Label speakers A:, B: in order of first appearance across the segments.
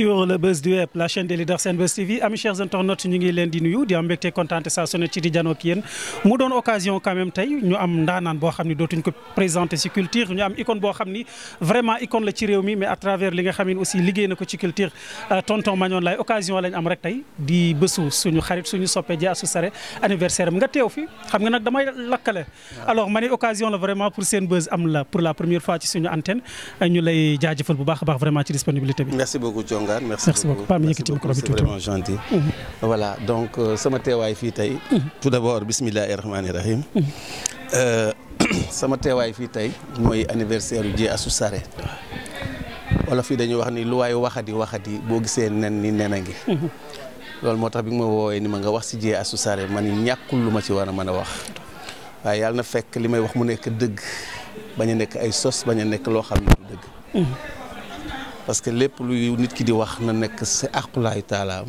A: sur le buzz du web la chaîne des leaders Senbuzz TV amis chers internautes ñu ngi leen di nuyu di am mbégte kontaan saa su ci di janoo ak mu doon occasion quand même ñu am ndaanaan boo xam ne dootuñ ko présenté ci culture ñu am icône boo xam ni vraiment icône la ci réew mi mais à travers li nga xam aussi liggéey na ko ci culture euh, tonton Magnon Laye occasion am rek tey di bésu suñu xarit suñu soppe ji asu anniversaire am nga
B: a Bougane merci, merci mhm. voilà donc euh, sama teewaay fii tey. Mhm. tout d'abord bismillahi rahmaani rahim. Mhm. Euh, sama teewaay fii tey mooy anniversaire yu Dieye Astou Sarr wala fii dañuy wax ni lu waay waxati waxati boo gisee nen ni nen a ngi. loolu moo tax bi ma woowee ni ma nga wax si Dieye Astou Sarr man ñàkkul lu ma ci war a mën a wax waaye yàlla na fekk li may wax mu nekk dëgg bañ a nekk ay sos bañ a nekk loo xam ne du
A: dëgg.
B: parce que lépp lu nit ki di wax na nekk si aqulaayu taalaam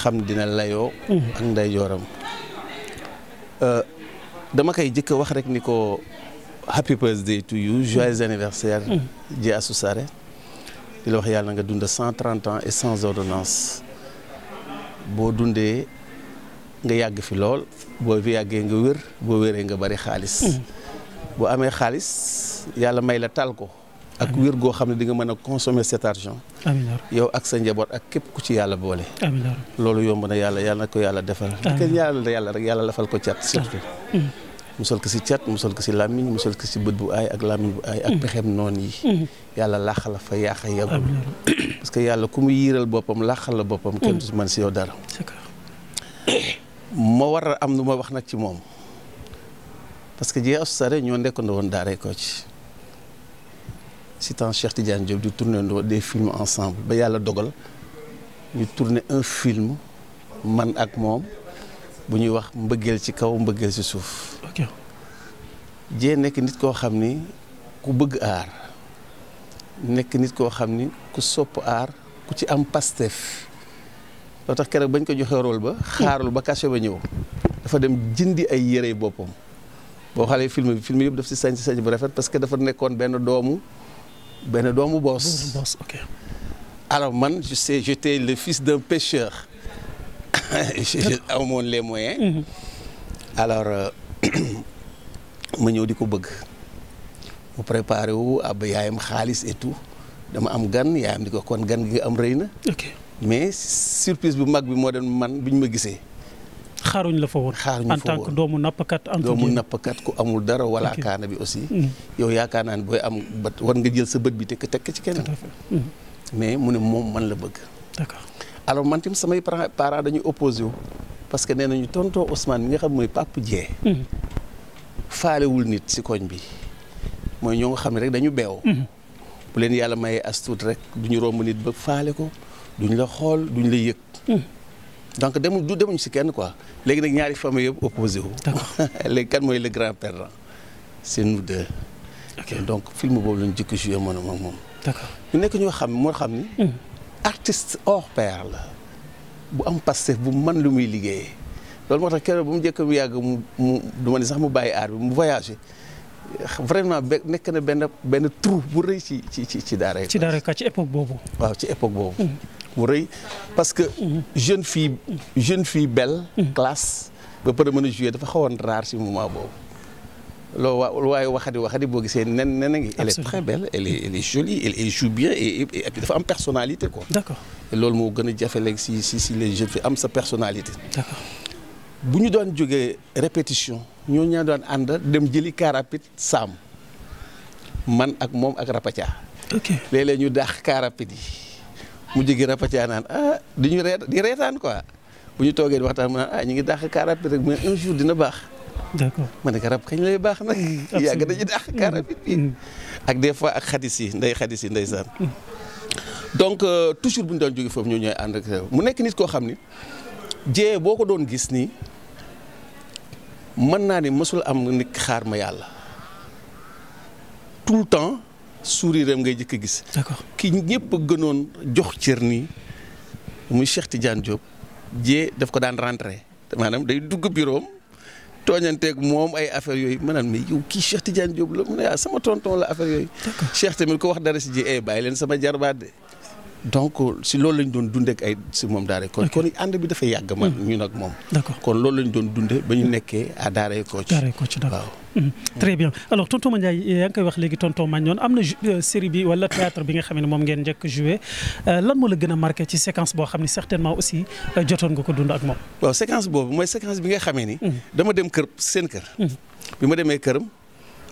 B: xam dina layoo ak ndeyjooram euh, dama koy jëkk wax rek ni ko happy birthday to you joyeux anniversaire ji mm. asu sare di la wax yàlla nga dund cent trente ans et sans ordonnance boo dundee nga yàgg fi lool boo fi yàggee nga wér boo wéree nga bari xaalis mm. boo amee xaalis yàlla may la tal ko ak wér goo xam ne di nga mën a consommer cet argent yow ak sa njaboot ak képp ku ci yàlla boole loolu yomb na yàlla yàlla na ko yàlla defal ke ñaanal yàlla rek yàlla lafal ko cat surtout musal ko si cat musal ko si làmmiñ musal ko si bët bu aay ak làmmiñ bu aay ak noon yi yàlla laaxal fa yaaxa yagul parce que yàlla ku mu yiiral boppam laaxal la boppam kenn du man si yow dara ma war a am lu ma wax nag ci moom parce que sa ostare ñoo nekk na woon daaree ko ci si temps Cheikh Tidiane Diop di tourné ndoo des films ensemble ba yàlla dogal ñu tourné un film man ak moom bu ñuy wax mbëggeel ci kaw mbëggeel ci suuf. ok jee nekk nit koo xam ni ku bëgg aar nekk nit koo xam ni ku sopp aar ku ci am pastef loo tax keroog bañ ko joxee rôle ba. xaarul ba cachet ba ñëw. dafa dem jëndi ay yére boppam boo xoolee film bi film yëpp daf si sañ sañ bu rafet parce que dafa nekkoon benn doomu. benn doomu boos. boos alors man je sais j'étais le fils d'un pêcheur. je amoon les moyens. Mm-hmm. alors euh, ma ñëw di ko bëgg. mu préparé wu ab yaayam xaalis et tout dama am gan yaayam di ko kon gan gi am rëy na. ok mais surprise bu mag bi moo doon man bi ñu ma gisee.
A: xaaruñ la fa woon xaaruñ en tant que doomu nappkat doomu
B: nappkat ku amul dara wala kaana bi aussi mm. yow yaakaar naa ne booy am bat war nga jël sa bët bi te tekk tekk ci keneen mm. mais mu ne moom man la bëgg d'accord alors man tamit samay parents dañuy opposé wu parce que nee nañu tontoo Ousmane mi nga xam mooy Pape Dieng mm. faalewul nit si koñ bi mooy ñoo nga xam ne rek dañu beew bu leen yàlla mayee as tuut rek duñu romb nit ba faale ko duñ la xool duñ la yëg donc demul du demuñu si kenn quoi léegi nag ñaari famille yëpp opposé wu. d'accord léegi kan mooy le grand perdant c'est nous deux. ok donc film boobu lañu jëkk joué moom ak moom. d'accord ñu nekk ñoo xam moo xam ni. Hmm. artiste hors pair la. bu am Pastef bu man lu muy liggéeyee loolu moo tax keroog ba mu njëkk mu yàgg mu mu du ma ni sax mu bàyyi aar bi mu voyagé vraiment be nekk na benn benn trou bu rëy ci ci ci ci daara. ci daara
A: ka ci époque boobu.
B: waaw ci époque boobu. Hmm. bu rëy parce que jeune fille jeune fille belle classe ba pare mën dafa xawoon rare ci moment boobu loo waa waaye waxati waxati boo gisee nen nen a ngi elle est très belle elle est elle jolie elle joue bien et dafa am personalité ko d'accord loolu moo gën a jafe léegi si si si les jeunes am sa personalité d'accord bu ñu doon jógee répétition ñoo ñaa doon ànd dem jëli car rapide saam man ak moom ak rapatia ok ñu daax car yi mu jigi rapathiaa naan ah di ñu reet di reetaan quoi bu ñu toogee di waxtaan mu naan ah ñu ngi dàq car rapide rek mais un jour dina baax d'accord ma ne rab kañ lay baax nag mm, yàgg nañu dàq car rapide mm. ak des fois ak xadis yi nday xadis yi ndeysaan mm. donc euh, toujours bu ñu doon jóge foofu ñoo ñooy ànd ak mu nekk nit koo xam ni jee boo ko doon gis nii mën naa ni mësul am nit xaar ma yàlla tout le temps sourire am ngay jëkk a gis. d'accord ki ñëpp gënoon jox cër nii muy Cheikh Tidiane Diop jee daf ko daan rentré maanaam day dugg bureau tooñanteeg moom ay affaire yooyu ma naan mais yow kii Cheikh Tidiane Diop la mu a ah sama tonton la affaire yooyu. Cheikh tamit ko wax dara si ji eh bàyyi leen sama jarbaat de donc si loolu lañ doon dundee ak ay si moom daara kooc kon ànd bi dafa yàgg man mm-hmm. ñun ak moom kon loolu lañ doon dundee ba ñu nekkee à daara kooc daara kooc d'accord
A: mm-hmm. très bien alors tonton Mandiaye yaa ngi wax léegi tonton Magnon am na euh, série bi wala théâtre bi nga xam ne moom ngeen njëkk joué euh, lan moo la gën a marqué ci séquence boo xam ne certainement aussi euh, jotoon nga ko dund ak
B: moom waaw boobu mooy séquence bi nga xamee ni mm-hmm. dama dem kër seen kër bi ma demee këram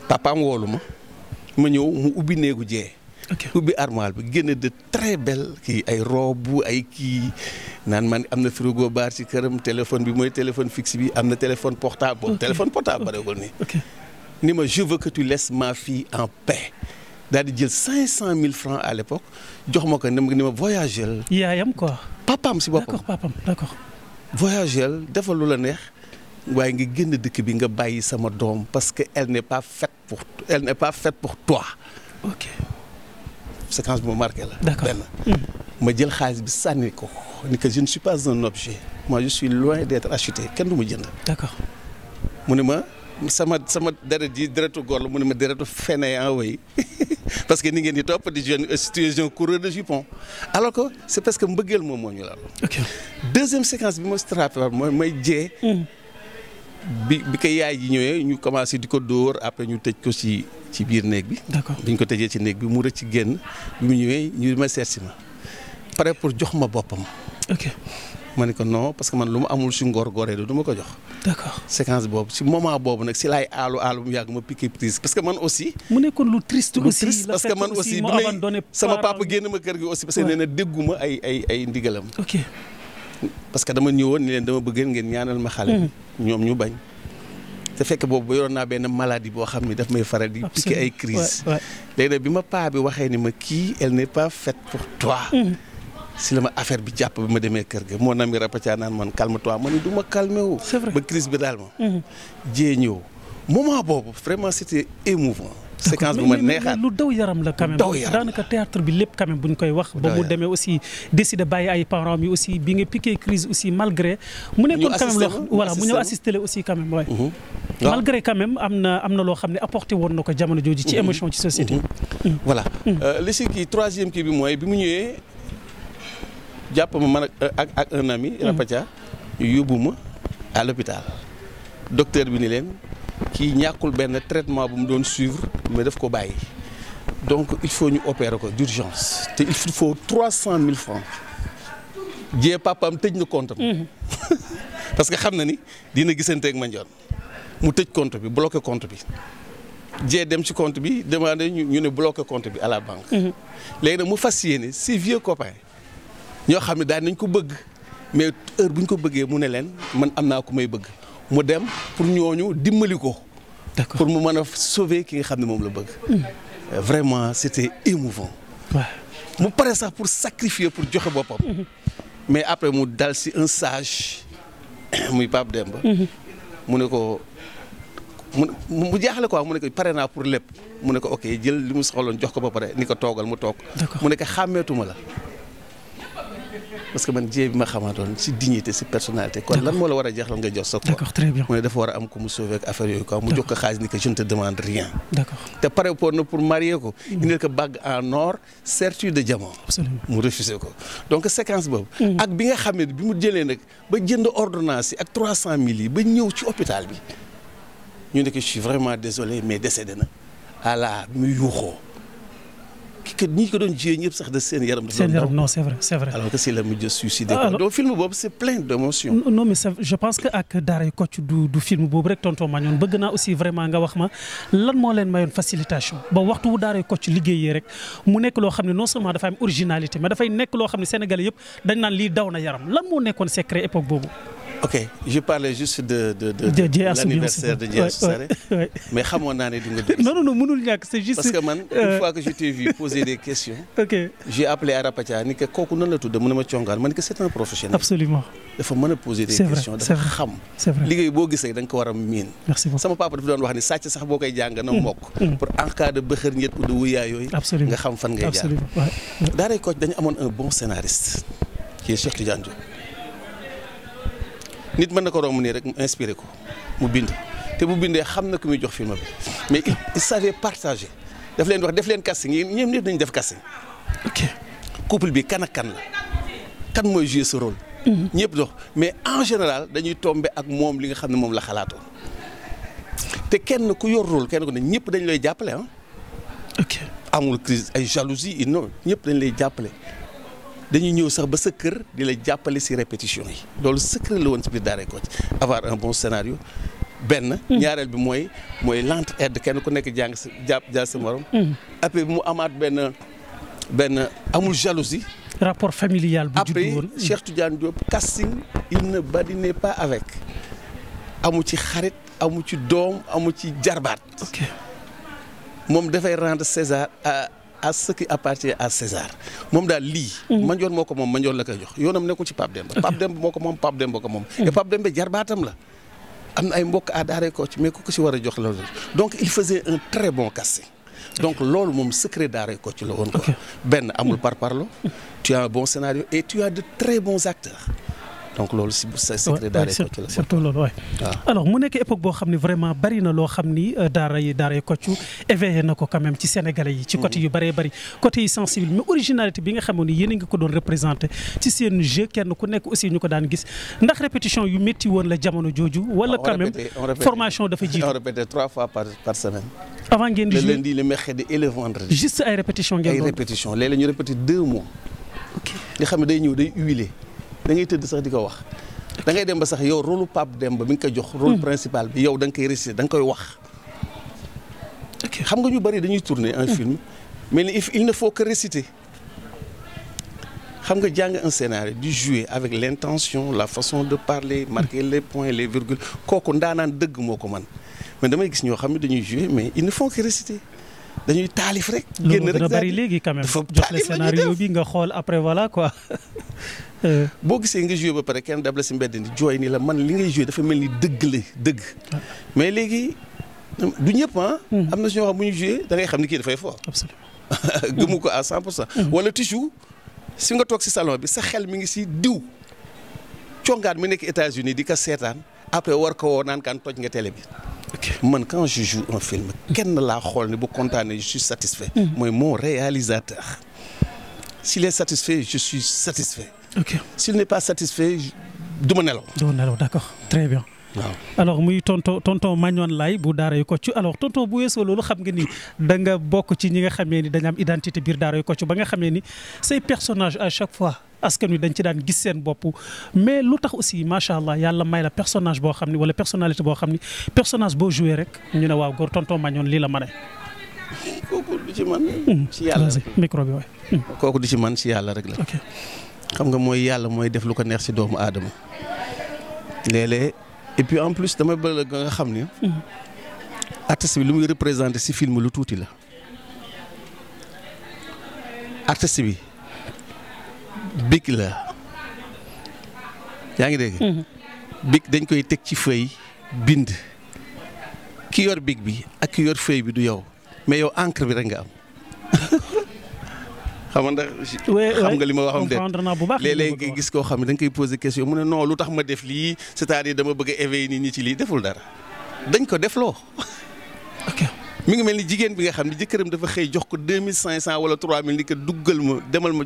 B: papaam woolu ma ma ñëw ubbi néegu jee ubbi armoire bi génn de très belle kii ay robe ay kii naan man am na frigo baar ci këram téléphone bi mooy téléphone fixe bi am na téléphone portable bon téléphone portable bareegul nii ni ma je veux que ma fille en paix daal di jël cinq cent mille francs à l'époque jox ma ko ni ma ni ma voyagel
A: yaayam quoi papaam si boppam d'accord papaam d'accord
B: voyagel defal lu la neex waaye ngi génn dëkk bi nga bàyyi sama doom parce que elle n'est pas faite pour elle n'est pas faite pour toi séquence bu ma marqué la. d'accord ma jël xaalis bi sànni ko ni que je ne suis pas un objet moi je suis loin d'être acheté kenn du ma jënd. d'accord mu ne ma sama sama deret ji deretu góor la mu ne ma deretu fainéant way parce que ni ngeen di topp di jeune situation coureur de jupon alors que c'est parce que mbëggeel moom moo ñu laal. ok deuxième séquence bi ma strappé mooy may jee. Mm. bi bi ko yaay ji ñëwee ñu commencé di ko dóor après ñu tëj ko ci. ci biir néeg bi. d'accord bi ñu ko tëjee ci néeg bi mu rëcc génn bi mu ñëwee ñu ma seet si ma pare pour jox ma boppam. ok ma ne ko non parce que man lu ma amul si ngor goree du ma ko jox. d'accord séquence boobu si moment boobu nag si laay aalu aalu mu yàgg ma piqué prise parce que man aussi. mu nekkoon lu triste aussi lu triste parce que man aussi bi may sama papa génn ma kër gi aussi parce que nee na dégguma ay ay ay ndigalam. ok que dama ñëwoon ni leen dama bëggeen ngeen ñaanal ma xale. Mm-hmm. ñoom ñu bañ. te fekk boobu yoroon naa benn maladie boo xam ne daf may faral di piqué ay crise léegi nag bi ma paa bi waxee ni ma kii elle n'est pas faite pour toi mm-hmm. si la ma affaire bi jàpp bi ma demee kër ga moo nami rapatia naan man calme toi ma ni du ma calmé wu ba crise bi daal ma mm-hmm. jee ñëw moment boobu vraiment c'était émouvant séquence bu ma neexaat lu daw yaram la quand même
A: daanaka théâtre bi lépp quand même bu ñu koy wax ba mu demee aussi décidé bàyyi ay parents bi aussi bi nga piqué crise aussi malgré mu nekkoon quand même loo voilà mu ñëw assisté la aussi quand même waay mm-hmm. ah. malgré quand même am na am na loo xam ne apporté woon na ko jamono jooju ci mm-hmm. émotion ci société mm-hmm.
B: mm. voilà mm. Euh, li si kii troisième kii bi mooy bi mu ñëwee jàpp ma man ak ak un ami mm. Rapathia yóbbu ma à l'hôpital docteur bi ni leen kii ñàkkul benn traitement bu mu doon suivre mais def ko bàyyi donc il faut ñu opérer ko d'urgence te il faut trois cent mille francs jee papaam tëj na compte am mhm. parce que xam na ni dina gisante ak Mandione mu tëj compte bi bloqué compte bi jee dem ci compte bi demandé ñu ñu ne bloqué compte bi à la banque mhm. léegi nag mu fas yéene si vieux copain ñoo xam ne daan nañ ko bëgg mais heure bu ñu ko bëggee mu ne leen man am naa ko may bëgg mu dem pour ñooñu dimbali ko. d'accord pour mu mën a sauver ki nga xam ne moom la bëgg. Hmm. Euh, vraiment c'était émouvant. waaw mu pare sax pour sacrifier pour joxe boppam. Hmm. mais après mu dal si un sage muy Pape Demba. Hmm. mu ne ko mu mu jaaxle quoi mu ne ko pare naa pour lépp mu ne ko ok jël li mu soxloon jox ko ba pare ni ko toogal mu toog. mu ne ko xàmmeetuma la. parce que man jiyee bi ma xamaatoon si dignité si personnalité. kon lan moo la war a jeexal nga jox sa ko. d'accord très bien mu ne dafa war a am ko mu sauver ak affaire yooyu quoi. mu jox ko xaalis ni que ne te demande rien. te pare pour na pour marier ko. Mm-hmm. indil ko bague en or serture de diamant. absolument mu refusé ko donc séquence boobu. Mm-hmm. ak bi nga xam ne bi mu jëlee nag ba jënd ordonnance yi ak 300000 yi ba ñëw ci hôpital bi ñu ne que je suis vraiment désolé mais décédé na ala mu yuuxoo. que ñi ko doon jiyee ñëpp sax de seen yaram. seen yaram non c'est vrai c'est vrai. alors que ah, film boobu c'est plein d'émotions.
A: non mais je pense que ak Daaray Kocc du film boobu rek tonton Magnon bëgg naa aussi vraiment nga wax ma lan moo leen mayoon facilitation ba waxtu wu Daaray Kocc liggéeyee rek mu nekk loo xam ne non seulement dafa am originalité mais dafay nekk loo xam ne Sénégalais yëpp dañ naan lii daw na yaram lan moo nekkoon secret époque boobu.
B: ok je parlais juste de de de. de Dias l'anniversaire de Dias mais xamoon naa ne dinga. non non non mënul man une euh, fois que je t'ai vu poser des questions. ok ma congaan ma ne que c'est professionnel. dafa mën a poser des questions. dafa xam. liggéey boo gisee da nga ko war a miin. merci beaucoup sama papa dafa doon wax ni sàcc sax boo koy jàng na mm, mokk. Mm. pour en cas de bëxër ñett ou de wuyaa nga xam fan ngay jaar. absolument waaw. dañu amoon un bon scénariste. nit mën na ko romb nii rek mu inspiré ko mu bind te bu bindee xam na ku muy jox film bi mais il savait partager daf leen wax def leen casting yéen ñoom ñëpp nañu def casting ok bi kan kan mooy jouer ce rôle. Mhm. mais en général dañuy tombe ak moom li nga xam ne moom la xalaatoo te kenn ku yor rôle kenn ku ne ñëpp dañ lay jàppale ah. ok amul crise ay jalousie non ñëpp dañ lay jàppale. dañuy ñëw sax ba sa kër di la jàppale si répétition yi loolu secret la woon si biir ko Kocc avoir un bon scénario benn hmm. ñaareel bi mooy mooy lente kenn ku nekk jàng si jàpp jaa sa morom hmm. après bi mu amaat benn benn amul jalousie rapport familial bu juddu woon après Cheikh Tidiane Diop casting il ne badinait pas avec amu ci xarit amu ci doom amu ci jarbaat moom dafay rendre César à ce qui appartient à César moom daal lii. Mm-hmm. Mandione moo ko moom Mandione la koy jox yoonam nekkul ci Pape Demba. Pape Demba moo ko moom Pape Demba ko moom. et Pape Demba jarbaatam la. am na ay mbokk à daaree ko ci mais ku ko si war a jox la donc il faisait un très bon casting. donc loolu moom secret daaree ko ci la woon. benn amul par par parlo. tu as bon scénario et tu as de très bons acteurs. donc loolu si secret
A: mu nekk époque boo xam ne vraiment bari na loo xam ni euh, daara yi daara yi na ko quand même ci sénégalais yi ci côté mhm. yu bëree bëri côté yu sensible mais originalité bi nga xamoon ni yéen ngi ko doon représenté ci seen jeu kenn ku nekk aussi ñu ko daan gis ndax répétition yu métti woon la jamono jooju wala ah, quand même formation dafa jiitu
B: par par semaine avant ngeen di le lundi le mercredi et le vendredi juste ay répétition ngeen doon ay ñu répété nga xam ne day ñëw day huilé da ngay tëdd sax di ko wax da ngay dem ba sax yow rôle dem ba bi nga koy jox role hmm. principal bi yow danga nga koy réciter da koy wax xam nga ñu bari dañuy tourner un hmm. film mais il ne faut que réciter xam nga jàng un scénario di jouer avec l'intention la façon de parler marquer les points les virgules kooku ndaanaan dëgg moo ko man mais damay gis ñoo xam ne dañuy jouer mais il ne faut que réciter dañuy taalif rek. génn rek dafa bari
A: léegi quand même jox la scénario
B: bi nga xool après voilà quoi. boo gisee nga joué ba pare kenn dab la si mbedd ni jooy ni la man li ngay joué dafa mel ni dëgg la dëgg. mais léegi du ñëpp ah. hmm. am na suñu xam bu ñu joué da ngay xam ni kii dafay fort. absolument gëmu ko à 100 pour cent. Hmm. wala toujours si nga toog si salon bi sa xel mi ngi si diw. congaan mi nekk États-Unis di ko seetaan après war ko woo naan nga télé bi. man quand je un film kenn laa xool ni bu kontaanee je satisfait. Hmm. mooy mon réalisateur. s'il est satisfait je suis satisfait. ok s'il n'est pas satisfait du ma nelaw. du
A: ma nelaw d'accord très bien. waaw alors muy tonton tonton Magnon Laye bu Daaray Kocc alors tonton bu weesoo loolu xam nga ni da nga bokk ci ñi nga xamee ni dañu am identité biir Daaray Kocc ba nga xamee ni say personnage à chaque fois askan wi dañ ci daan gis seen bopp. mais lu tax aussi macha allah yàlla may la personnage boo xam ni wala personnalité boo xam ni personnage boo joué rek ñu ne waaw góor tonton Magnon lii la ma ci man. Hmm. ci hmm.
B: kooku du ci man ci yàlla rek la. xam nga mooy yàlla mooy def lu ko neex si doomu aadama léeg-léeg et puis en plus dama bëgg nga xam ni. Mm-hmm. artiste bi lu muy si film lu tuuti la. artiste bi big la yaa ngi dégg. Mm-hmm. big dañ koy teg ci feuille bind. ki yor big bi ak ki yor feuille bi du yow mais yow encre bi rek nga am. xam nga ndax xam nga li ma wax am déet léeg-léeg nga gis koo xam ne da koy posé question mu ne non lu tax ma def lii c'est-à-dire dama bëgg a ni nit ñi ci lii deful dara dañ ko def loo mu ngi mel ni jigéen bi nga xam ne jëkkëram dafa xëy jox ko deux mille cinq cent wala trois mille ni ko duggal ma demal ma.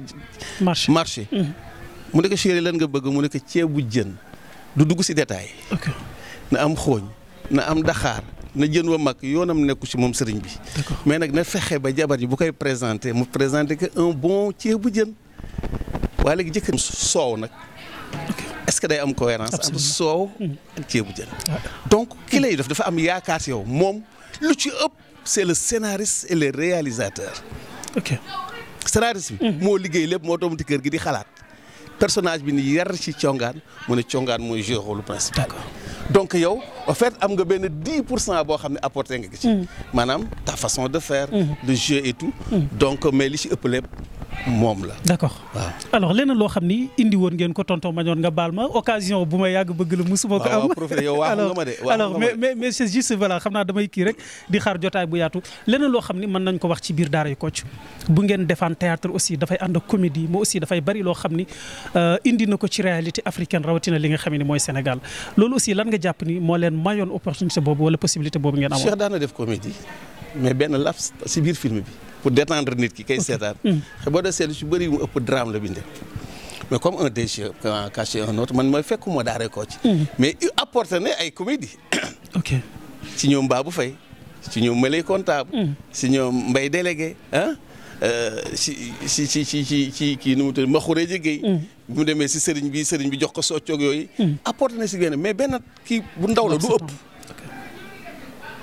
B: marché marché. Mhm. mu ne ko chéri lan nga bëgg mu ne ko ceebu jën du dugg si détail. na am xooñ. na am daxaar na jën wa mag yoonam nekku ci moom sëriñ bi. mais nag na fexe ba jabar ji bu koy présenté mu présenté que un bon ci ceebu jën waaye léegi jëkkër soow nag. est-ce que day am cohérence soow mm-hmm. ak ceebu jën donc ki lay def dafa am yaakaar si yow moom lu ci ëpp c'est le scénariste et le réalisateur ok bi mm-hmm. moo liggéey lépp moo toomati kër gi di xalaat personnage bi ni yar ci congaan mu ne congaan mooy joué rôle principal donc yow en fait am nga benn 10 pour cent boo xam ne apporté nga ci. Mm. maanaam ta façon de faire. le mm. jeu et tout. Mm. donc mais li ci ëpp lépp. moom la. d'accord waaw
A: alors leneen loo xam ni indi woon ngeen ko tonton mañoon nga baal ma occasion bu ma yàgg bëgg la musuma ko am. waaw alors alors mais mais mais c'est juste voilà xam naa damay kii rek di xaar jotaay bu yaatu leneen loo xam ni mën nañ ko wax ci biir daara yu Kocc bu ngeen defaan théâtre aussi dafay ànd ak comédie mais aussi dafay bari loo xam ni euh, indi na ko ci réalité africaine rawatina li nga xam ne mooy Sénégal loolu aussi lan nga jàpp ni moo leen mayoon opportunité boobu wala possibilité boobu ngeen amoon. Cheikh
B: daan na def comédie mais benn laps ci biir bi. pour détendre nit ki kay seetaan. Hmm. boo dee seetlu si bëri mu ëpp drame la bindee. mais comme un déchet caché un autre man mooy fekk moo daaree koo ci. Hmm. mais apporte ne ay comédie ok ci ñoom Babou Faye ci ñoom Malay comptable. ci hmm. ñoom Mbaye délégué ah. si si si si ci ci kii nu mu tudd Maxure Jigéey bi mu demee si sëriñ bi sëriñ bi jox ko soo soccoog yooyu apporté na si benn mais benn kii bu ndaw la du ëpp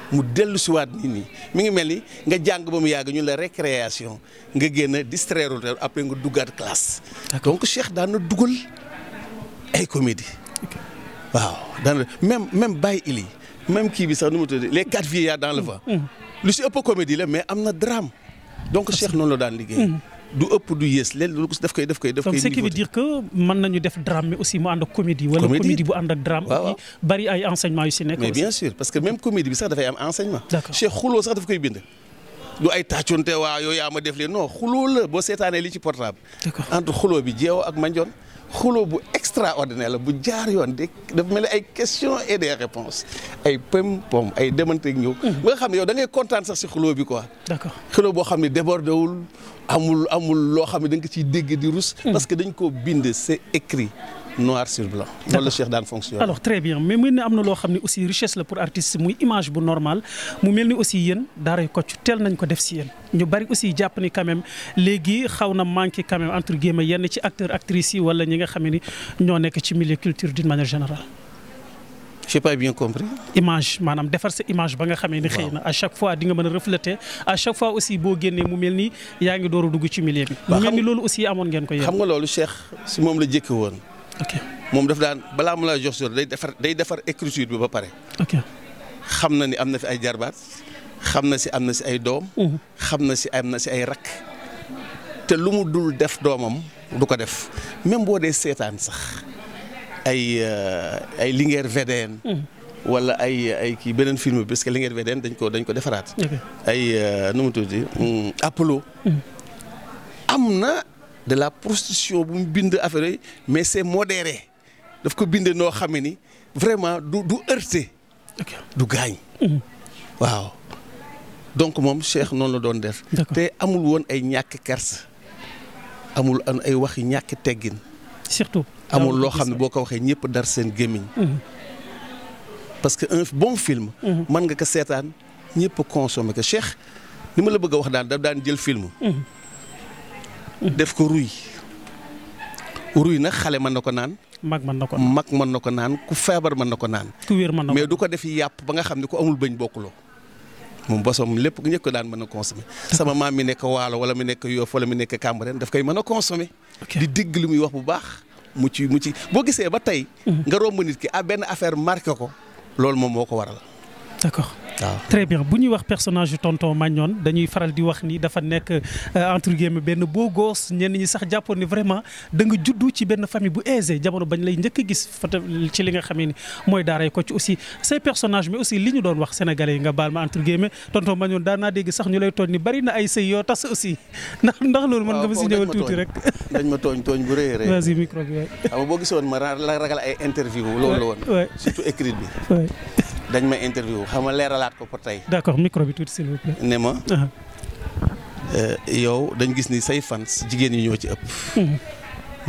B: mu dellu siwaat nit ñi mi ngi mel ni nga jàng ba mu yàgg ñu la récréation nga génn distraire te après nga duggaat classe. donc Cheikh daan na dugal ay comédie waaw daan même même Baye Ili même kii bi sax nu mu tudd les quatre vieillards dans le vent. Mm. lu si ëpp comédie la mais am na drame. donc Cheikh noonu la daan liggéey. Mm. du ëpp du yées léegi loolu daf koy def koy. daf koy donc ce qui veut dire
A: que mën nañu def drame mais aussi mu ànd ak comédie. wala comédie bu ànd ak
B: drame. bari ay enseignement yu si nekk. mais parce que même comédie bi sax dafay am enseignement. d'accord Cheikh xuloo sax daf koy bind. du ay tàccunte waa yooyu yaa ma def leen non xuloo la boo seetaanee li ci portable. d'accord entre xuloo bi jeew ak manjoon xuloo bu extraordinaire la bu jaar yoon de dafa mel ni ay questions et des réponses ay pëm pom ay demanteeg ñëw. Mhm. ba nga xam ne yow da ngay kontaan sax si xuloo bi quoi. d'accord xuloo boo xam ne débordé wul amul amul loo xam ne da nga ciy dégg di rus. Mhm. parce que dañ koo bind se écrit. noir sur blanc. loolu la Cheikh daan fonctionné. alors
A: très bien mais mel ni am na loo xam ne aussi richesse la pour artiste muy image bu normal mu mel ni aussi yéen daaray Kocc teel nañ ko def si yéen. ñu bari aussi jàpp ni quand même léegi xaw na manqué quand même entre guillemets yenn ci acteur actrices yi wala ñi nga xam ni ñoo nekk ci milieu culture d'une manière générale.
B: j'ai pas bien compris.
A: image maanaam defar sa image ba nga xamee ni xëy na a chaque fois di nga mën a refléter à chaque fois aussi mu mel ni yaa ngi door a ci milieu bi. mu mel loolu aussi
B: amoon ngeen ko yéen. xam nga loolu Cheikh la jëkk woon. moom daf daan balaa mu lay jox sër day defar day defar écriture bi ba pare. xam na ni am na fi ay jarbaat xam na si am na si ay doom. Mhm. xam na si am na si ay rakk. te lu mu dul def doomam du ko def même boo dee seetaan sax ay euh, ay Linguère VDN. Mhm. ay ay kii beneen film parce que Linguère VDN dañ ko dañ ko defaraat. ay euh, nu mu tudd hmm, Apollo. Mhm. am na. de la prostitution bu mu bind affaire yi mais c'est modéré daf ko binde noo xam ni vraiment du du heurté. du gaañ. Mm. waaw donc moom Cheikh noonu la doon def. te amul woon ay ñàkk kersa amul ay waxi ñàkk teggin. surtout amul loo xam ne boo ko waxee ñëpp dar seen gémmiñ. Mm-hmm. parce que un bon film. Mm-hmm. mën nga ko seetaan ñëpp consommer ko Cheikh ni ma la bëgg a wax daan daf daan jël film. Mm-hmm. def ko ruy ruy nag xale man na ko naan. mag man na ko naan mag mën na ko naan ku feebar mën na ko naan. ku wér mën mais du ko def yàpp ba nga xam ne ku amul bëñ bokkuloo. moom bosom lépp ñëpp ko daan mën a consommer. sama maam mi nekk waalo wala mi nekk Yoff wala mi nekk daf koy mën a consommer. di dégg li muy wax bu baax. mu ci mu boo gisee ba tey. Mhm. nga ba nit ki ah benn affaire marqué ko. loolu moom moo ko waral. d'accord. waaw
A: très bien bu ñuy wax personnage yu tonton Magnon dañuy faral di wax nii dafa nekk euh, entre guillemets benn boo gosse ñenn ñi sax jàppoon ni vraiment da nga juddu ci benn famille bu aisée jamono bañ lay njëkk a gis ci li nga xamee ni mooy daaray ko ci aussi say personnage mais aussi li ñu doon wax sénégalais yi nga baal ma entre guillemets tonton Magnon daan naa dégg sax ñu lay tooñ ni bari na ay sëy yoo tas aussi ndax ndax loolu mën nga ma si ñëwal tuuti rek
B: ma tooñ tooñ bu rëy rëy vas-y micro bi waay xam nga ragal ay interview loolu la woon surtout écrit dañ ma interview xam nga leeralaat ko ko tey. d'accord micro bi tuuti s'il vous plaît. ne ma. Ah. Euh, yow dañ gis ni say fans jigéen ñi ñoo ci ëpp. Hmm.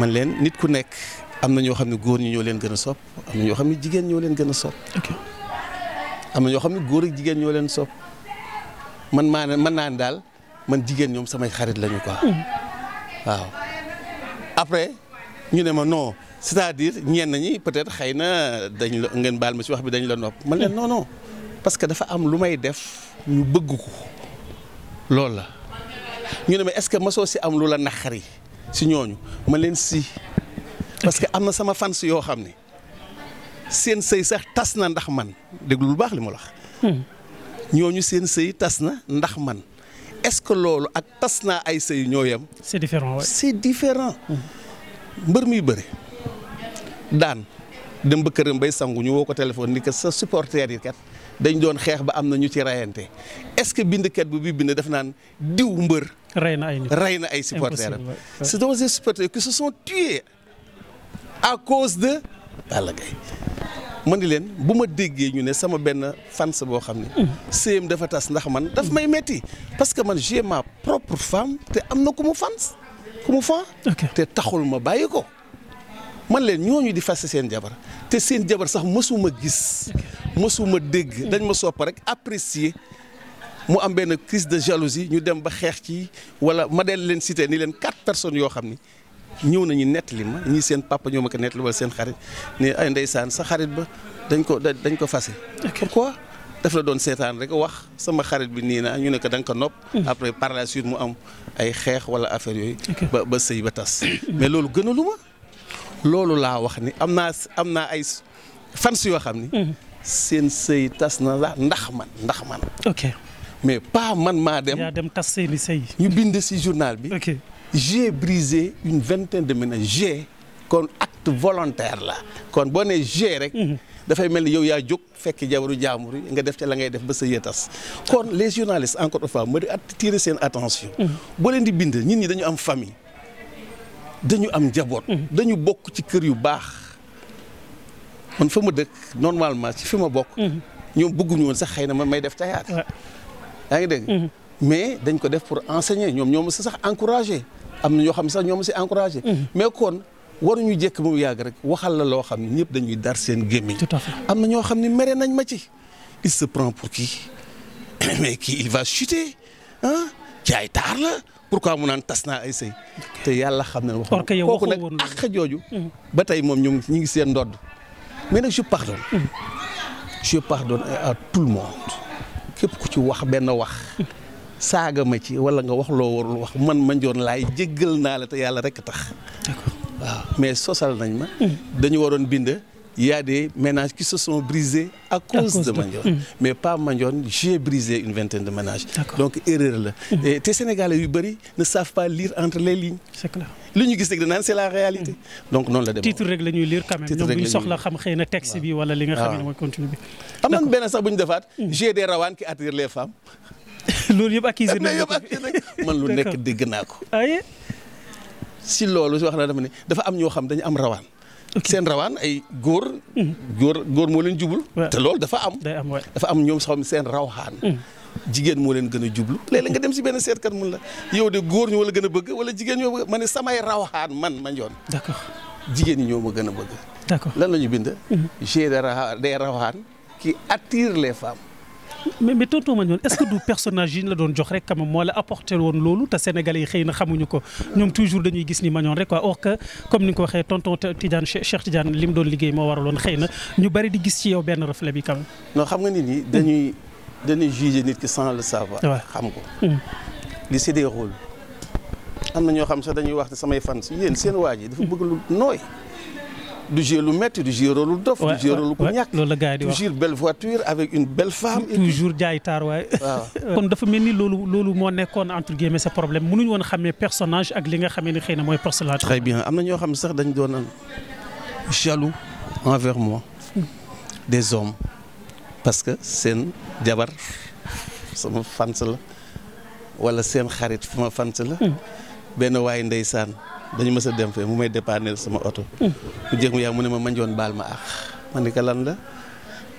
B: man leen nit ku nekk am na ñoo xam ne góor ñi ñoo leen gën a sopp am na ñoo xam ne jigéen ñoo leen gën a sopp. am na ñoo xam ne góor ak jigéen ñoo leen sopp man maa ne man naa ne daal man jigéen ñoom samay xarit lañu quoi. Hmm. waaw après ñu ne ma non. cest à diir ñenn ñi peut-être xëy na dañ la ngeen baal ma si wax bi dañu la nopp man leen non non parce que dafa am lu may def ñu bëgg ko loolu la ñu ne ma est-ce que mosoo ci am lu la naqari ci ñooñu man leen si parce que am na sama fans yoo xam ne seen sëy sax tas na ndax man déglu lu baax li mu wax ñooñu seen sëy tas na ndax man est-ce que loolu ak tas naa ay sëy ñoo yam
A: c'est différent c'est
B: différent mbër muy bëri daan dem ba këram bay sangu ñu woo ko téléphone ni que sa supporters yi kat dañ doon xeex ba am na ñu ci rayante est-ce que bindkat bu bi bind def naan diw mbër. rey na ay nit rey na ay supporters am c'est donc des supporters qui se sont à cause de Balla Gaye leen bu ma déggee ñu ne sama benn fans boo xam ne. séem dafa tas ndax man daf may metti parce que man j'ai ma propre femme te am na ku mu fans ku mu fan. te taxul ma bàyyi ko. man leen ñooñu di fase seen jabar te seen jabar sax mësuma gis mësuma dégg dañ ma sopp rek apprécier mu am benn crise de jalousie ñu dem ba xeex ci wala ma del leen cité ni leen quatre personnes yoo xam ni ñëw nañu nett li ma ñii seen papa ñoo ma ko nettali wala seen xarit ay ndeysaan sa xarit ba dañ ko dañ ko fase pourquoi daf la doon seetaan rek wax sama xarit bi nii naa ñu nekk ko ko nopp. Mm-hmm. après par la suite mu am ay xeex wala affaire yooyu. ba ba sëy ba tas. Mm-hmm. mais loolu gënaluma. loolu laa wax ni am naa am naa ay fans yoo xam ni. Mm. seen sëy tas na la ndax man ndax man. ok mais pas man maa dem. yaa dem tas seeni sëy. ñu bind ci journal bi. ok j'ai brisé une vingtaine de ménages j'ai kon acte volontaire la kon boo nee j'ai rek. Mm-hmm. dafay mel ni yow yaa jóg fekk jabaru jaamur yi nga def ca la ngay def ba sa yee tas kon les journalistes encore une fois ma di attirer seen attention. Mm-hmm. boo leen di bind nit ñi dañu am famille. dañu am njaboot. Mhm. dañu bokk ci kër yu baax man fa ma dëkk normalement ci fi ma bokk. Mhm. ñoom bëgguñu woon sax xëy na man may def théâtre. yaa ngi dégg. Mhm. mais dañ ko def pour enseigner ñoom ñoom ma si sax encouragé am na ñoo xam ne sax ñoom ma si encouragé. mais kon waruñu jekk mu yàgg rek waxal la loo xam ne ñëpp dañuy dar seen gémmiñ. tout à am na ñoo xam ne mere nañ ma ci. il se prend pour qui mais kii il va chuter ah jaay taar la. pourquoi mu naan tas naa ay sëy te yàlla xam na ne ko kooku nag ak jooju mm. ba tey moom ñoom ñu ngi seen ndodd mais nag je pardonne mm. je pardonne à tout le monde képp ku ci wax benn wax saaga ma ci wala nga wax warul wax man ma njoon laay jéggal naa la te yàlla rek tax d'accord waaw mais sosal nañ ma mm. dañu waroon bind il y a des ménages qui se sont brisés à cause, de Mandione. Hmm. Mais pas Mandione, j'ai brisé une vingtaine de ménages. Donc erreur la. Mmh. Et tes yu bëri ne savent pas lire entre les lignes. C'est li ñu gis rek danaan c'est la réalité. Hmm. donc noonu la demee titre
A: rek la ñuy liir quand même ñoom bu ñu xam xëy na texte bi
B: wala li nga xam ne mooy contenu bi. am nañu sax bu ñu defaat. Hmm. j'ai des rawaan qui attirent les femmes. loolu yëpp acquisir nañ ko man lu nekk dégg naa ko. aye ah, si loolu wax na dama ne dafa am ñoo xam dañu am rawaan. seen rawaan ay góor. Mhm. góor góor moo leen jublu. te lool dafa am. dafa am ñoom sax seen rawaan. Mhm. jigéen moo leen gën a jublu léeg nga dem si benn kan mun la yow de góor ñu wala gën a bëgg wala jigéen ñoo ma ne samay rawaan man ma njoon. d'accord jigéen ñi ñoo gën a bëgg. d'accord lan la ñu bind. Mhm. j'ai des rawaan qui attire les femmes.
A: mais mais tonton Mandione est-ce que du personnage yi ñu la doon jox rek quand moo la apporté woon loolu te sénégalais yi xëy xamuñu ko ñoom toujours dañuy gis ni Mandione rek quoi or que comme ni nga ko waxee tonton Tidiane Cheikh Tidiane li mu doon liggéey moo waraloon xëy na ñu bari di gis ci yow benn reflet bi quand même.
B: non xam nga nit ñi dañuy dañuy juger nit ki sans le savoir. xam ko. Hmm. li c'est des rôles. am na ñoo xam sax dañuy wax te samay fan si yéen seen waa ji dafa bëgg lu nooy. du jouer lu métti du jouer rôle lu dof. du jouer rôle ku ñàkk loolu la gars yi di wax toujours belle voiture avec une belle femme. toujours jaay taar waay. kon
A: dafa mel ni loolu loolu moo nekkoon entre guillemets sa problème mënuñu woon xamee personnage ak li nga xamee ne xëy na mooy
B: personnage. très bien am na ñoo xam ne sax dañ doon jaloux envers moi des hommes parce que seen jabar sama fans la wala seen xarit sama fans la. Hmm. benn waay ndeysaan. dañu mës a dem fee mu may dépanner sama oto. mu jeex mu yaa mu ne ma manjoon baal ma àq. ma ne lan la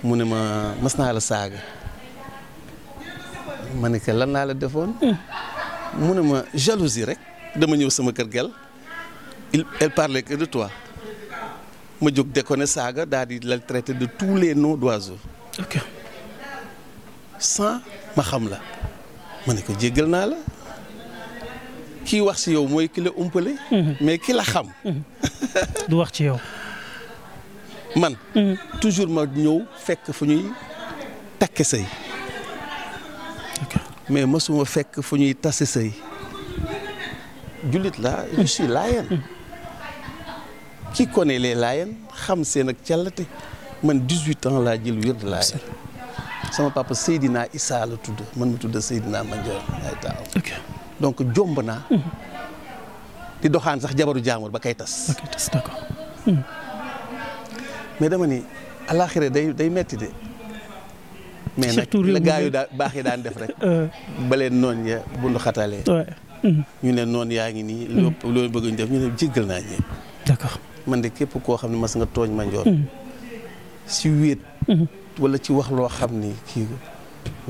B: mu ne ma mas naa la saaga ma ne ko lan laa la defoon. mu ne ma jalousie rek dama ñëw sama kër gel il elle que de toit ma jóg déconné saaga daal di la traité de tous les noms d'oiseaux. ok sans ma xam la ma ne ko jéggal naa la. kii wax si yow mooy ki la umpale. Mhm. mais ki la xam. Mhm. du wax ci yow. man. Mhm. toujours ma ñëw fekk fu ñuy takk mais mosuma fekk fu ñuy tase sëy jullit laa je suis laayeen. qui connaît les laayeen xam seen ak càllate man 18 ans laa jël wér de laayeen. sama papa Seydina Issa la tudd man ma tudd Seydina Mandione ay taaw. donc jomb naa. Mhm. di doxaan sax jabaru jaamur ba kay tas. Mhm. mais dama ni alaaxira day day metti de. mais nag la gaa yu daa baax yi daan def rek. Euh. ba leen noon ya bundu mhm. ñu ne noon yaa ngi nii. lépp loolu bëgg ñu def ñu ne jéggal naa ñëpp. man de képp koo xam ne mas nga tooñ ma njool. si wéet. wala ci wax loo xam ni kii.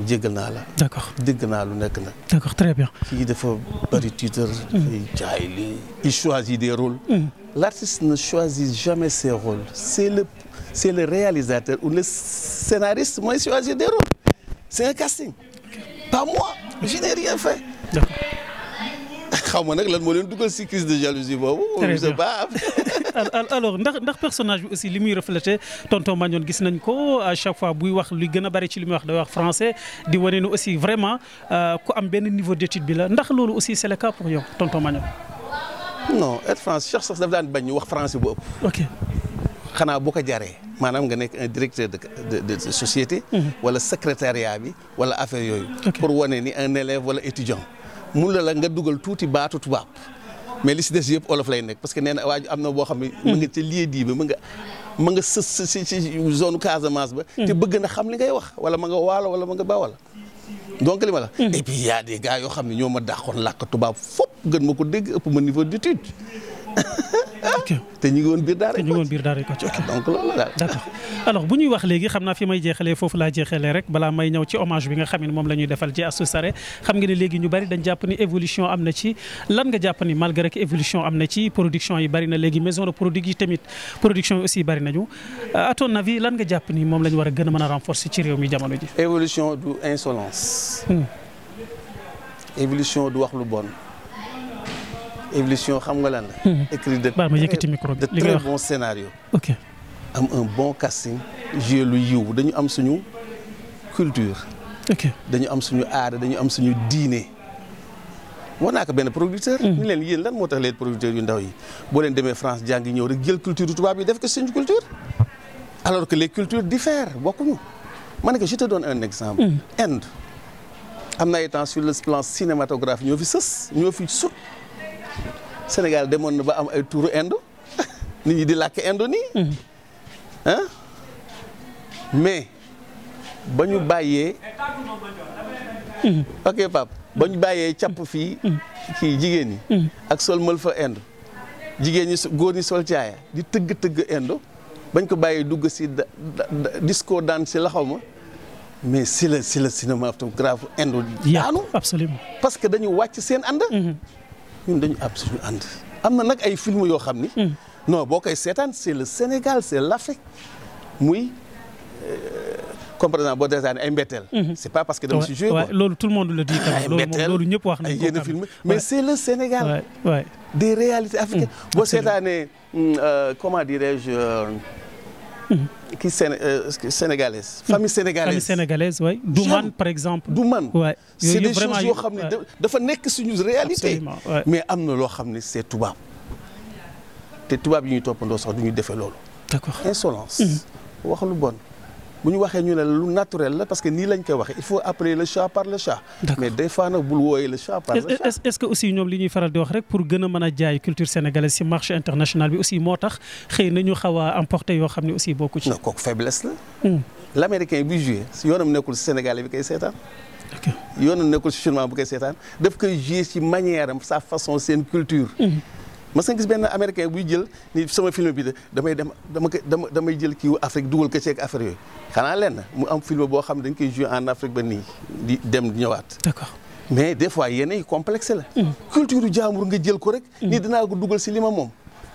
B: jéggal naa la. d' accord dégg naa lu nekk nag.
A: d' accord très bien.
B: kii dafa bëri tuteur. dafay jaay lii. il choisit des rôles. Hmm. l' artiste ne choisit jamais ses rôles c' le est le réalisateur ou le scénariste mooy choisir des rôles c' est un casting. pas moi je n'ai rien fait. d' accord. xaw ma nag lan moo leen dugal si crise de jalousie
A: boobu. très bien alors ndax ndax personnage bi aussi li muy reflété tonton Magnon gis nañ ko à chaque fois buy wax li gën a bari ci li muy wax day wax français di wane ne aussi vraiment euh, ku am benn niveau d'étude bi la ndax loolu aussi c'est le cas pour yow tonton Magnon.
B: non être français Cheikh sax daf daan bañ ñu wax français bu ëpp. ok xanaa boo ko jaree maanaam nga nekk un directeur de de société. Mhm. wala secrétariat bi wala affaire yooyu. pour wane ni un élève wala étudiant mun la la nga dugal tuuti baatu tubaab. mais li si des yëpp olof lay nekk parce que nee na waaju am na boo xam ne. mu nga ca lieu dii ba mu nga mu nga sës si si zone Casamance ba. Mm-hmm. te bëgg na xam li ngay wax wala ma nga waalo wala ma nga bawal. donc li ma la. Mm-hmm. et puis y a des gars yoo xam ne ñoo ma dàqoon làkk tubaab fop gën ma ko dégg ëpp ma niveau d'étude te ñu ngi woon biir daara ñu ngi woon biir daara ko
A: bu ñuy wax léegi xam naa fi may jeexalee foofu laa jeexalee rek balaa may ñëw ci hommage bi nga xam ne moom la ñuy defal ci Astou xam nga ne léegi ñu bari dañ jàpp ni évolution am na ci lan nga jàpp ni malgré que évolution am na ci production yi bari na léegi maison de produit tamit production yi bari nañu aton euh, ton avis lan nga jàpp ni moom la ñu war a gën a mën a renforcer ci réew mi jamono ji
B: évolution du insolence hmm. évolution du wax lu bon évolution xam nga lan la. Hmm. écrit de ma yëkkati micro bi de très bon scénario. ok am un bon casting joué lu yiw dañu am suñu culture. ok dañu am suñu aada dañu am suñu diine. wax naa ko benn producteur. ñu hmm. leen yéen lan moo tax leen producteurs yu ndaw yi boo leen demee France jàngi ñëw rek jël culture tubaab yi def ko suñu culture. alors que les cultures diffèrent bokkuñu. ma ne ko je te un exemple. Hmm. Inde am na ay temps sur le plan cinématographique ñoo fi sës ñoo fi sut. Sénégal demoon na ba am ay tuuru indo nit ñi di làkk indo nii hmm. mais ba ñu bàyyee hmm. ok pap ba ñu bàyyee càpp hmm. fii kii jigéen ñi ak sol mël fa indo jigéen ñi góor ñi sol caaya di tëgg-tëgg indo bañ ko bàyyee dugg si disco daan si la xaw ma mais si la si la cinématographe indo daanu absolument parce que dañu wàcc seen ànd ñun dañu àpp suñu am na nag ay film yoo xam ni hmm. non boo koy seetaan c'est le Sénégal c'est l'Afrique muy euh, comme par exemple boo desaane ay mbetteel hmm. c'est pas parce que dama si joué quoi loolu tout le monde le dit ay ah, mbetteel loolu ñëpp wax nañ ko ay yenn film mais c'est le Sénégal des réalités africaines boo seetaanee hmm, euh, comment dirais-je euh, Hmm. kii Séné euh, sénégalaise. famille
A: sénégalaise hmm. famille sénégalaise waay. du man par exemple. du man waay c'est des choses yoo xam ne
B: dafa nekk suñu réalité. mais am na loo xam ne c'est tubaab. te tubaab yi ñuy toppandoo sax du ñu defee loolu. d'accord insolence. Hmm. wax lu bon. bu ñu waxee ñu ne lu naturel la parce que nii lañ koy waxee il faut appeler le chat par le chat. mais des fois nag bul wooyee le chat par le
A: chat. est ce que aussi ñoom li ñuy faral di wax rek pour gën a mën a jaay culture sénégalaise ci marché international bi aussi moo tax xëy na ñu xaw a emporté yoo xam ne aussi bokku ci. non kooku faiblesse
B: la. Hmm. l' américain bi joué yoonam nekkul sénégalais bi koy seetaan. ok yoonam nekkul si chinois bu koy seetaan daf koy joué ci manière am sa façon seen culture. Hmm. mas nga gis benn américain buy jël ni sama film bi de damay dem dama ko dama damay jël kiiwu Afrique dugal ko ceeg affaire yooyu xanaa lenn mu am film boo xam ne dañ koy joué en Afrique ba nii di dem di ñëwaat. d'accord mais des fois yenn yi complexe la. Mm. culture jaamur nga jël ko rek. Mm. nii dinaa ko dugal si li ma moom.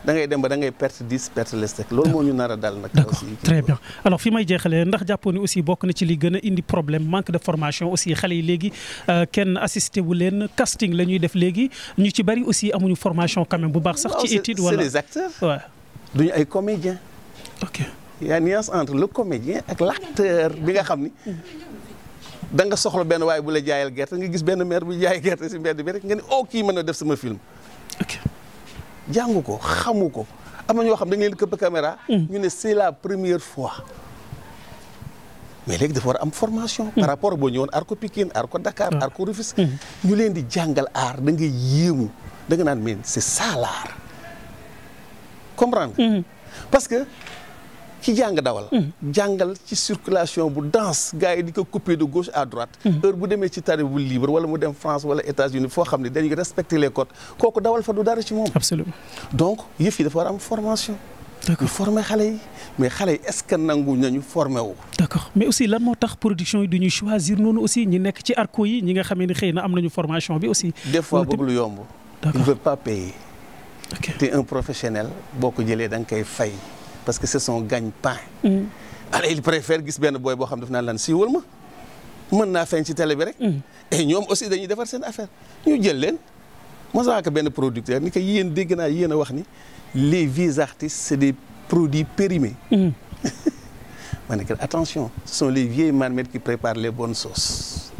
B: dangay dem ba da ngay perte dix perte les rek loolu moo ñu nar a dal nag. d'accord
A: alors fi may jeexalee ndax jàppooni aussi bokk na ci li gën indi problème manque de formation aussi xale yi léegi euh, kenn assisté wu leen casting la ñuy def léegi ñu ci bari aussi amuñu formation quand bu baax sax. ci étude wala c'est les
B: acteurs. waaw duñu ay comédiens. ok y a nuance entre le comédien ak l'acteur bi nga xam ni. da nga soxla benn waaye bu la jaayal gerte nga gis benn maire bu jaay gerte si rek nga ni oh kii mën a def sama film. jàngu ko xamu ko am na ñoo xam dañ leen këpp caméra. Hmm. ñu ne c'est la première fois. mais léegi dafa war am formation. Hmm. par rapport boo ñëwoon aar ko Pikine aar ko Dakar hmm. aar ko Rufisque. ñu leen di jàngal aar da nga yéemu da naan mais c'est ça l'art parce que ci jàng dawal. Hmm. jàngal ci circulation bu dense gars yi di ko couper de gauche à droite. Hmm. heure bu demee ci tari bu libre wala mu dem France wala États-Unis foo xam ne dañuy respecter les codes kooku dawal fa du dara ci moom. absolument donc yëf yi dafa war am formation. d'accord former xale yi mais xale yi est-ce que nangu nañu formé wu.
A: d'accord mais aussi lan moo tax production yi du ñu choisir noonu aussi ñi nekk ci arco yi ñi nga xamee ne xëy na am nañu formation bi aussi.
B: des fois bëgg yomb. d'accord il veut pas payer. professionnel boo ko jëlee da nga koy fay. parce que c'est son gagne-pain. Mm. alors il préfère gis benn booy boo xam daf naa lan siiwal ma mën naa feeñ ci télé bi rek. Mm. ñoom aussi dañuy defar seen affaire ñu jël leen mosaa ko benn producteur ni ko yéen dégg naa yéen a wax ni les vieux artistes c'est des produits périmés. Mm. ma ne ko attention ce sont les vieilles marmites qui préparent les bonne sauces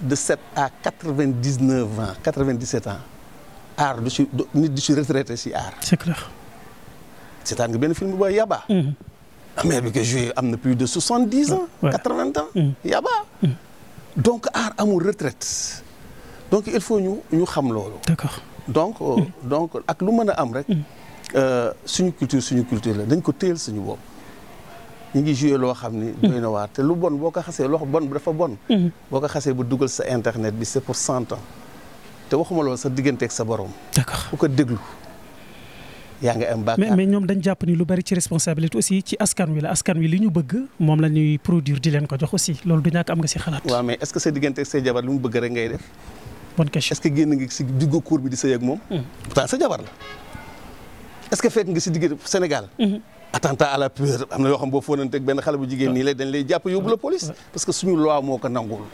B: de sept à quatre-vingt-dix-neuf ans quatre-vingt-dix-sept ans art du ci nit si ci retraité ci seetaan nga benn film bu booy Yaba. mère mm-hmm. bi koy joué am na plus de soixante dix ans. quatre vingt ans. Mm-hmm. Yaba. Mm-hmm. donc aar amul retraite donc il faut ñu ñu xam loolu. donc euh, donc ak lu mën a am rek. Euh, suñu culture suñu culture la dañ ko téyel suñu bopp. ñu ngi joué loo xam ni. doy na waar te lu bon boo ko xasee loxo bon dafa bon. boo ko xasee ba dugal sa internet bi c'est pour cent ans. te waxuma loolu sa digganteek sa borom. d'accord ko déglu. yaa ngi am bàkkaar mais
A: ñoom dañ jàpp ni lu bari ci responsabilité aussi ci askan wi la askan wi li ñu bëgg moom la ñuy produire di leen ko jox aussi loolu du ñàkk am nga si xalaat
B: waaw mais est-ce que sa diggante ak sa jabar lu mu bëgg que génn nga si diggu cour bi di hmm. la est-ce hmm. à la peur am na yoo xam boo fóonante benn xale bu jigéen nii la dañ lay jàpp yóbbu la police parce que suñu loi moo ko nangul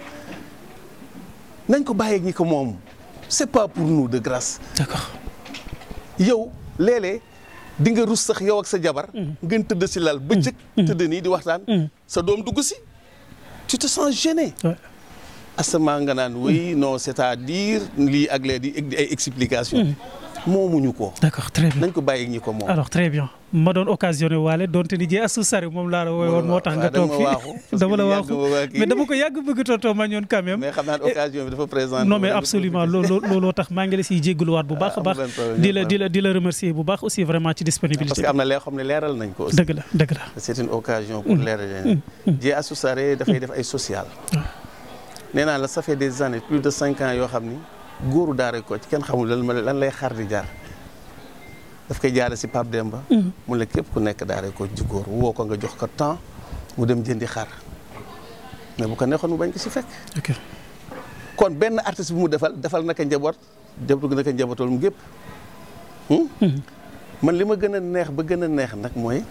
B: nañ ko bàyyeeg ñi ko moom c'est pas pour nous de grâce d'accord yow léeg-léeg di nga rus sax yow ak sa jabar. Mm. ngeen tëdd si lal bëccëg. Mm. Mm. tëdd nii di waxtaan. sa doom dugg si. tu te sens gêné. asamaa nga naan oui non c'est-à-dire lii ak lee di ay explication moomuñu ko. d'accord très bien nañ ko bàyyi ñi ko moom.
A: très bien ma doon occasionné waale donte ni jéey asu moom laa la moo tax nga toog fi waaxu mais dama ko yàgg bëgg tontoo ma ñoon quand même.
B: mais absolument
A: looloo looloo tax maa ngi la siy jéggaluwaat bu baax a ah, di la remercier bu baax aussi vraiment ci disponibilité. Mm,
B: mm, mm, dafay def ay social. nee la ça des années plus de cinq ans yoo xam ni góoru daara ko ci kenn xamul lan lay xar di jaar daf koy jaare si Pape Demba. Mhm. mu la képp ku nekk daara ko ci góor woo ko nga jox ko temps mu dem jëndi xar mais bu ko neexoon mu bañ ko si fekk. kon benn artiste bu mu defal defal naka njaboot njaboot naka njabootool mu gépp hmm? mhm. man li ma gën a neex ba gën a neex nag mooy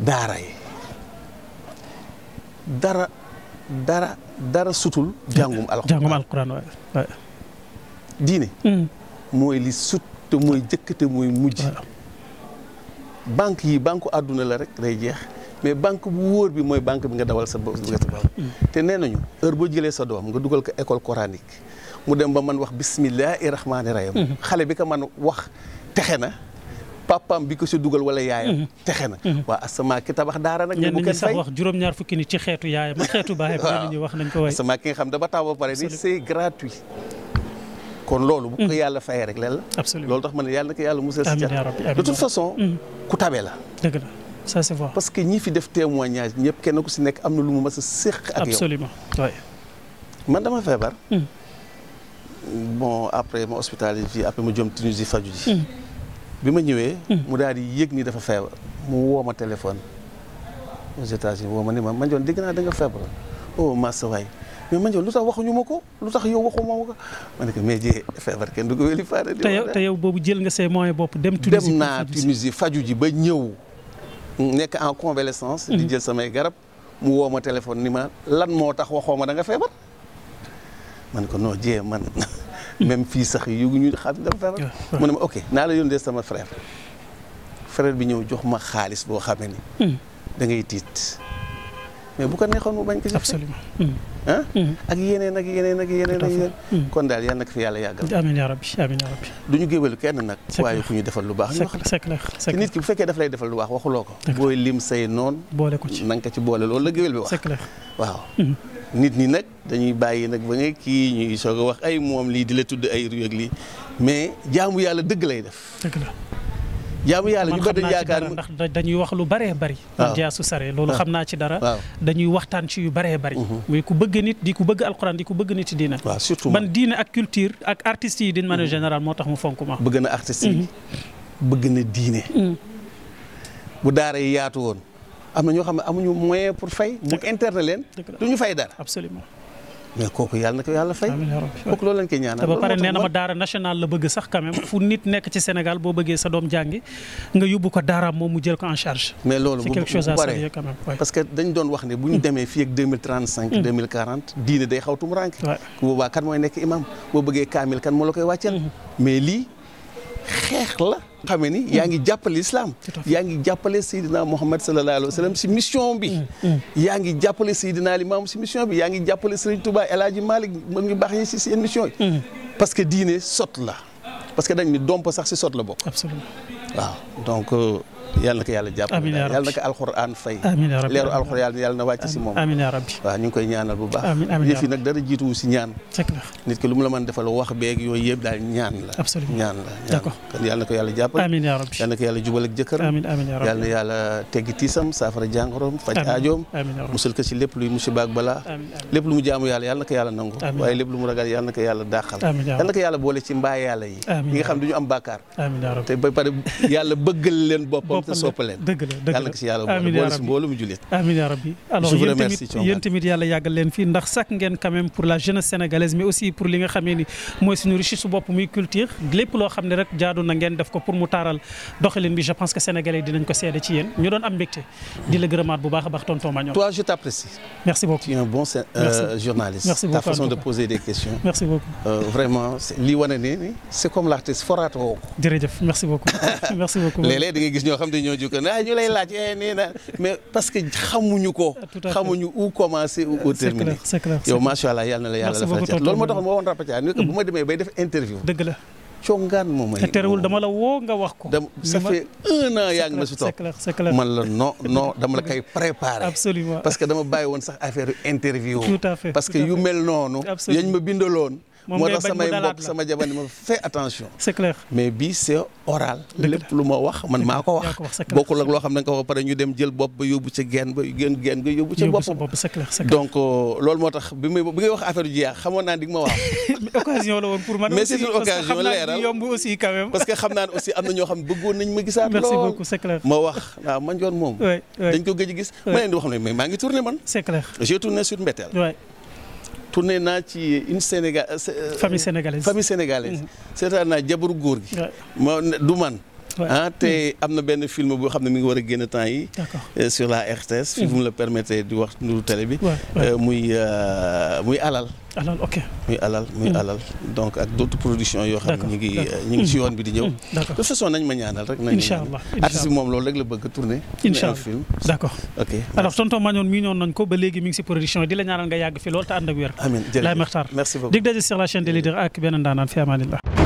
B: daara yi dara dara dara sutul. jàngum alxuraan jàngum waaye diine hmm. mooy li sut te mooy jëkk te mooy mujj banque yi banque àdduna la rek day jeex mais banque bu wóor bi mooy banque bi nga dawal sa bopp nga sa bopp hmm. te nee nañu heure boo jëlee sa doom nga dugal ko école coranique mu dem ba man wax bismillahi rahmaani rahim hmm. xale bi ko man wax texe na papaam bi ko si dugal wala yaayam. texe na waa asamaa ki tabax daara nag. bu kenn fay wax
A: juróom-ñaar fukki nit ci xeetu yaayam xeetu baayam. waaw wax nañ ko waaye asamaa
B: ki nga xam dafa taw ba pare ni kon loolu. bu ko mm. yàlla fayee rek leen la. absolument loolu tax ma ne yàlla na ko yàlla musal si cat de toute façon. Mm. ku tabe la.
A: dëgg la
B: parce que ñii fi def témoignage ñëpp kenn ku si nekk am na lu mu mas a séq ak yow. man dama feebar. Mm. bon après ma hospitalisé fii après ma jom Tunisie faju ji. bi ma ñëwee. mu daal di yëg ni dafa feebar. mu woo ma téléphone aux États-Unis woo ma ni ma man joon dégg naa da nga feebar oh Massa waay. mais man yow lu tax waxuñu ma ko lu tax yow waxuma ma ko ma ne ko mais jee feebar kenn du ko wéli faare te yow te yow boobu jël nga say moyens bopp dem Tunisie dem naa Tunisie faju ji ba ñëw nekk en convalescence di mhm. jël samay garab mu woo ma téléphone ni ma lan moo tax waxoo ma da nga feebar man ko noo jee man même fii sax yëguñu xam dama feebar mu ne ma ok naa la yónnee sama frère frère bi ñëw jox ma xaalis boo xamee ni mhm. da tiit mais bu ko neexoon mu bañ ko si absolument ah ak yeneen ak yeneen ak yeneen ak yeneen kon daal yal nag fi yàlla yàggal
A: amiin yaa rabbi amiin yaa
B: du ñu géwélu kenn nag waaye ku ñu defal lu baax ñu wax c'est clair nit ki bu fekkee daf lay defal lu baax waxuloo ko booy lim say noon boole ko ci na ko ci boole loolu la géwél bi wax waaw mm-hmm. nit ñi nag dañuy bàyyi nag ba nga kii ñuy soog a wax ay moom lii di la tudd ay ruy ak lii mais jaamu yàlla dëgg lay def jaamu yàlla ñu bëri yaakaar
A: ndax dañuy wax lu bëree bari man jaa sare loolu xam naa ci dara dañuy waxtaan ci yu bari bëri mhm. muy ku bëgg nit di ku bëgg alxuraan di ku bëgg nit diina waaw surtout man diina ak culture ak artistes yi d'une manière mhm. général moo tax mu fonk ma bëgg na artistes yi mhm.
B: bëgg na diine bu daara yi yaatu woon am na ñoo xam ne amuñu moyen pour fay bu internet leen du ñu fay dara absolument mais kooku yàlla na ko yàlla fay. kooku loolu lañ koy ñaanal. te ba pare nee ma
A: daara national la bëgg sax quand même fu nit nekk ci Sénégal boo bëggee sa doom jàngi nga yóbbu ko daaraam moom mu jël ko en charge. mais loolu bu bu
B: que dañ doon wax ne bu ñu demee fii ak deux mille trente cinq. Mm. deux mille quarante diine day xaw tuum rànk. waaw bu boobaa kan mooy nekk imam boo bëggee kaamil kan moo la koy wàcceel. Mm-hmm. mais lii xeex la. xamee ni yaa ngi jàppale islam yaa ngi jàppale Seydina Mouhamed sallallahu si mission bi mm, mm. yaa ngi jàppale Seydina Limaamu si mission bi yaa ngi jàppale Serigne Touba El Hadji Malick mag ñu baax yi si mission yi mm. parce que diine sot la parce que dañ ni domp sax si sot la bokk absolument waaw donc euh, yàlla na ko yàlla jàpp amiin yaa rabbi yàlla na ko alxuraan fay amiin yaa rabbi leeru alxuraan la la absolument ñaan la d'accord kon yàlla na ko yàlla jàppal amiin yaa rabbi yàlla na ko yàlla jubal ak jëkkër amiin amiin yaa boole ci mbaa yàlla yi nga xam duñu am bàkkaar te pare yàlla bëggal leen boppam te la dëgg la yàlla na ko si yàlla
A: boole leen fii ndax sàkk ngeen quand pour la jeunesse sénégalaise mais aussi pour li nga xamee ni mooy suñu richesse bopp muy culture lépp xam ne rek jaadu ngeen def ko pour mu taaral doxalin bi je pense que sénégalais dinañ ko seede ci yéen ñu doon am mbégte di bu baax a baax tonton Magnon toi je t'apprécie
B: merci beaucoup tu wane ne c'est comme l'artiste foraatoo ko jërëjëf merci beaucoup merci di ñoo jukka ah ñu lay eh, na mais parce que xamuñu ko. xamuñu où commencer ou où terminer. c'est clair yow macha allah na la yàlla defal ca loolu moo taxoon ah, bay def interview. dëgg la. moom ay dama la woo nga wax ko. ça fait yaa ngi ma si toog man la non non dama la koy préparé. parce que dama bàyyi woon sax affaire interview. parce que yu mel noonu. yañ ma loon moo tax samay mbokk sama jabar ma fais attention c'est clair mais bii c'est oral lépp lu ma wax man maa ko wax bokkul ak loo xam ne nga ko wax pare ñu dem jël bopp ba yóbbu ca geen ba yóbbu ca bopp donc euh, loolu moo tax bi may bi ngay wax affaire jiyaa xamoon naa di
A: c'est une occasion leeral
B: xam na ñoo xam ne bëggoon nañ ma gisaat wax waaw man joon moom dañ ko gëj gis ma leen di wax ne mais maa ngi tourné man c'est clair j'ai tourné sur Mbetteel tourné naa ci une Sénégal. Euh, famille sénégalaise famille sénégalaise. Mm-hmm. seetaan naa jabaru góor gi. du man. ah te am na benn film boo xam ne mi ngi war a génn temps yi. Euh, sur la RTS. fi hmm. vous me le di wax nuru télé bi. Euh, muy euh, muy alal. alal ok muy alal muy hmm. alal donc ak d'autres productions yoo xam ne ngi ñu yoon bi di ñëw. Hmm, d'accord façon nañ ma ñaanal rek. incha allah artiste bi moom loolu rek la bëgg a tourner. incha allah film d'accord. ok
A: ñoon nañ ko ba léegi mi ngi ci production di la ñaanal nga yàgg fi lool te ànd ak wér. amiin jërëjëf Laye daje sur la chaîne des